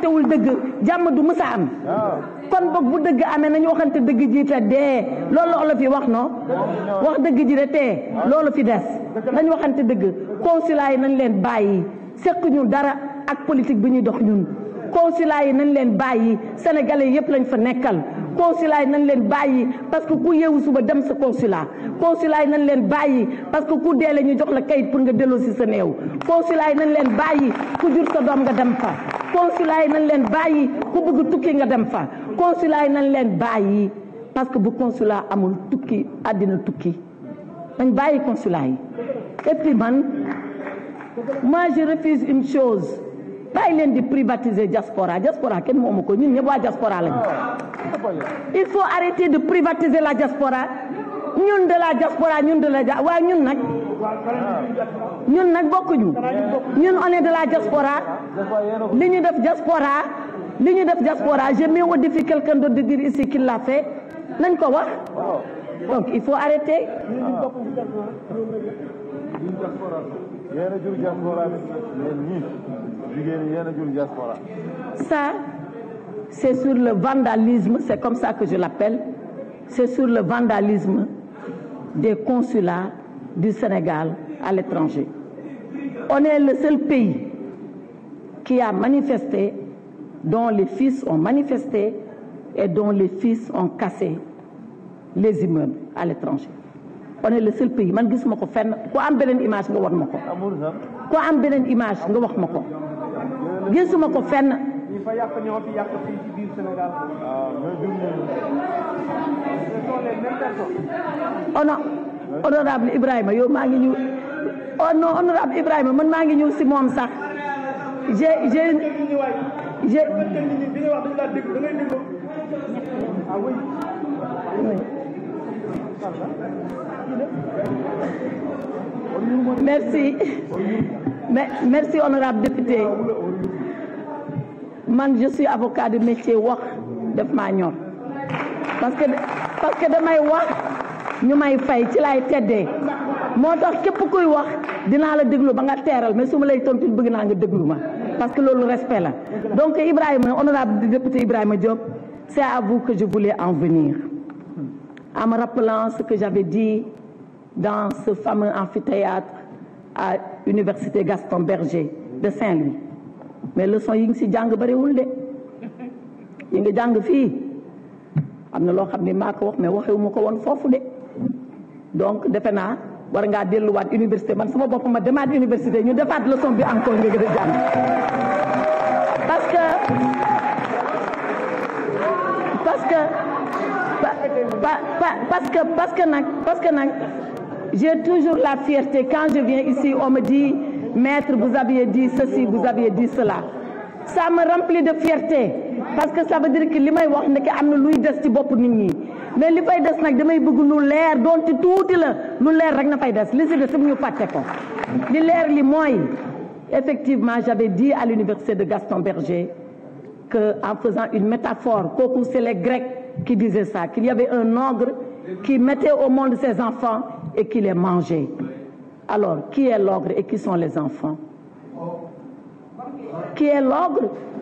tewul dëgg jàmm du mësa am kon boog bu dëgg amee nañu waxante dëgg ji te dee loolu la olof yi wax noo wax dëgg ji de tee loolu fi des nañ waxante dëgg consulat yi nañ leen bàyyi sekk ñu dara ak politique bi ñuy dox ñun consulat yi nañ leen bàyyi sénégalais yëpp lañ fa nekkal consulat yi nañ leen bàyyi parce que ku yeewu suba dem sa consulat consulat yi nañ leen bàyyi parce que ku deele ñu jox la kayit pour nga delloo si sa néew consulat yi nañ leen bàyyi ku jur sa doom nga dem fa consulat yi nañ leen bàyyi ku bëgg tukki nga dem fa consulat yi nañ leen bàyyi parce que bu consulat amul tukki àddina tukki nañ bàyyi consulat yi et puis man moi je refuse une chose bàyyi leen di privatiser diaspora diaspora kenn moomu ko ñun ñëpp waa diaspora lañu il faut arrêter de privatiser la diaspora ñun de la diaspora ñun de la waa ñun nag ñun nag bokkuñu ñun on de la diaspora li ñu def diaspora li ñu def diaspora j'ai mis au quelqu'un d'autre de dire ici qu'il l'a fait nañ ko wax donc il faut arrêter ça c'est sur le vandalisme c'est comme ça que je l'appelle c'est sur le vandalisme des consulats du Sénégal à l'étranger. On est le seul pays qui a manifesté, dont les fils ont manifesté et dont les fils ont cassé les immeubles à l'étranger. On le seul pays man gisuma ko fenn ku am beneen image nga war ma ko ku am beneen image nga wax ma ko gisuma ko fenn ah, oh honorable Ibrahima yoo maa ngi ñëw oh non honorable Ibrahima man maa ngi ñëw si moom sax j'ai j'ai j'ai merci merci honorable député man je suis métier wax def maa ñor parce que parce ñu may fay ci laay teddee moo tax képp kuy wax dinaa la déglu ba nga teeral mais su ma lay tontu bëgg naa nga déglu ma parce que loolu respe la donc Ibrahima honorable député Ibrahima Diop c'est à vous que je voulais en venir en me rappelant ce que j'avais dit dans ce fameux amphithéâtre à l'université Gaston Berger de Saint-Louis mais leçon yi ngi si jàng bariwul de yi nga jàng fii am na loo xam ne maa wax mais waxewu ko woon foofu de donc defe naa war ngaa delluwaat université man sama bopp ma demaat université ñu defaat leçon bi encore nga gën parce que parce que parce que parce que nag parce que nag j'ai toujours la fierté quand je viens ici on me dit maître vous aviez di ceci vous aviez dit cela ça me remplit de fierté parce que ça veut dire que li may wax ndeke am na luy des ci bopp nit ñi mais li fay des nag damay bëgg lu leer doon ci tuuti la lu leer rek na fay des li si des ñu fàtte ko li leer li mooy effectivement j'avais dit à l'université de Gaston Berger que en faisant une métaphore kooku c'est les Grecs qui disaient ça qu'il y avait un ogre qui mettait au monde ses enfants et qui les mangeait alors qui est l'ogre et qui sont les enfants qui est l'ogre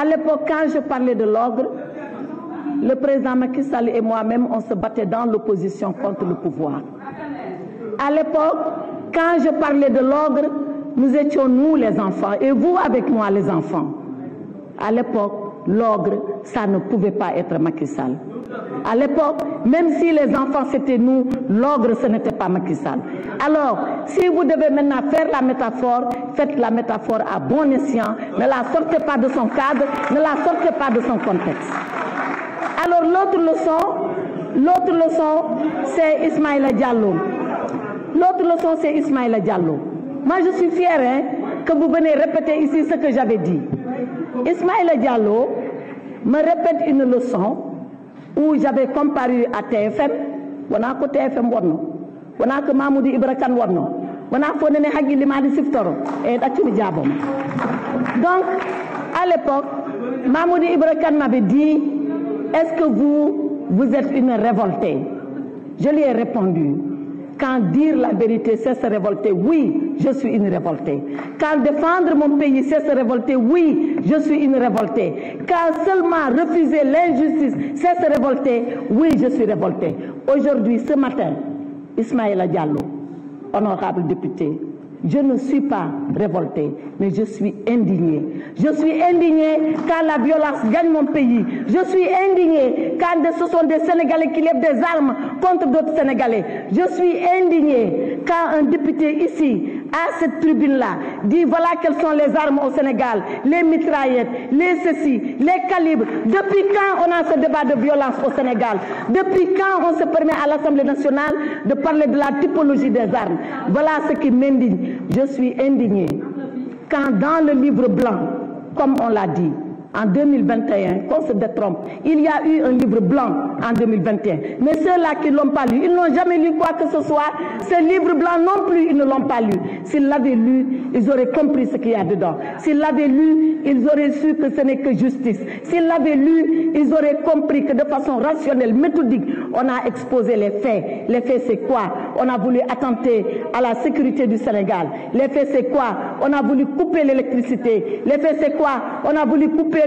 À l'époque, quand je parlais de l'ogre, le président Macky et moi-même, on se battait dans l'opposition contre le pouvoir. À l'époque, quand je parlais de l'ogre, nous étions nous les enfants et vous avec moi les enfants. À l'époque, l'ogre, ça ne pouvait pas être Macky À l'époque, même si les enfants c'était nous, l'ogre ce n'était pas Macky Alors, si vous devez maintenant faire la métaphore, faites la métaphore à bon escient, ne la sortez pas de son cadre, ne la sortez pas de son contexte. Alors l'autre leçon, l'autre c'est Ismaïla Diallo. L'autre leçon, c'est Ismaïla Diallo. Moi, je suis fière que vous venez répéter ici ce que j'avais dit. Ismaïla Diallo me répète une leçon où j'avais comparu à TFM, wana TFM warno, Mamoudi Ibrakan warno. wona fonene haqqillimade siftoro eyyi ɗaccude jaaboma donc à l' époque mamoudou ibra kane m'avait dit est ce que vous vous êtes une révoltée je lui ai répondu quand dire la vérité c'est se révolter oui je suis une révoltée quand défendre mon pays c'est se révolter oui je suis une révoltée quand seulement refuser l'injustice c'est se aujourd'hui ce matin Ismaïla Diallo honorable député, je ne suis pas révoltée, mais je suis indignée. Je suis indignée car la violence gagne mon pays. Je suis indignée car ce sont des Sénégalais qui lèvent des armes contre d'autres Sénégalais. Je suis indignée car un député ici à cette tribune-là, dit voilà quelles sont les armes au Sénégal, les mitraillettes, les ceci, les calibres. Depuis quand on a ce débat de violence au Sénégal Depuis quand on se permet à l'Assemblée nationale de parler de la typologie des armes Voilà ce qui m'indigne. Je suis indignée. Quand dans le livre blanc, comme on l'a dit, en 2021, qu'on se détrompe. Il y a eu un livre blanc en 2021. Mais ceux-là qui ne l'ont pas lu, ils n'ont jamais lu quoi que ce soit. Ce livre blanc non plus, ils ne l'ont pas lu. S'ils l'avaient lu, ils auraient compris ce qu'il y a dedans. S'ils l'avaient lu, ils auraient compris que de façon rationnelle, méthodique, on a exposé les faits. Les faits, c'est quoi On a voulu attenter à la sécurité du Sénégal. Les faits, c'est quoi On a voulu couper l'électricité. Les faits, c'est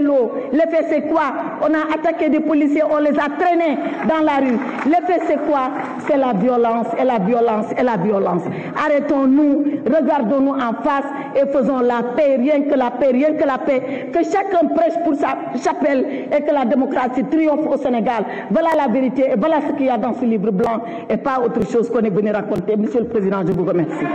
coupé l'eau. L'effet, c'est quoi On a attaqué des policiers, on les a traînés dans la rue. L'effet, c'est quoi C'est la violence, et la violence, la violence. Arrêtons-nous, regardons-nous en face et faisons la paix, rien que la paix, que chacun prêche pour sa chapelle et que la démocratie triomphe au Sénégal. Voilà la vérité et voilà ce qu'il y a dans ce livre blanc et pas autre chose qu'on est venu raconter. Monsieur le Président, je vous remercie.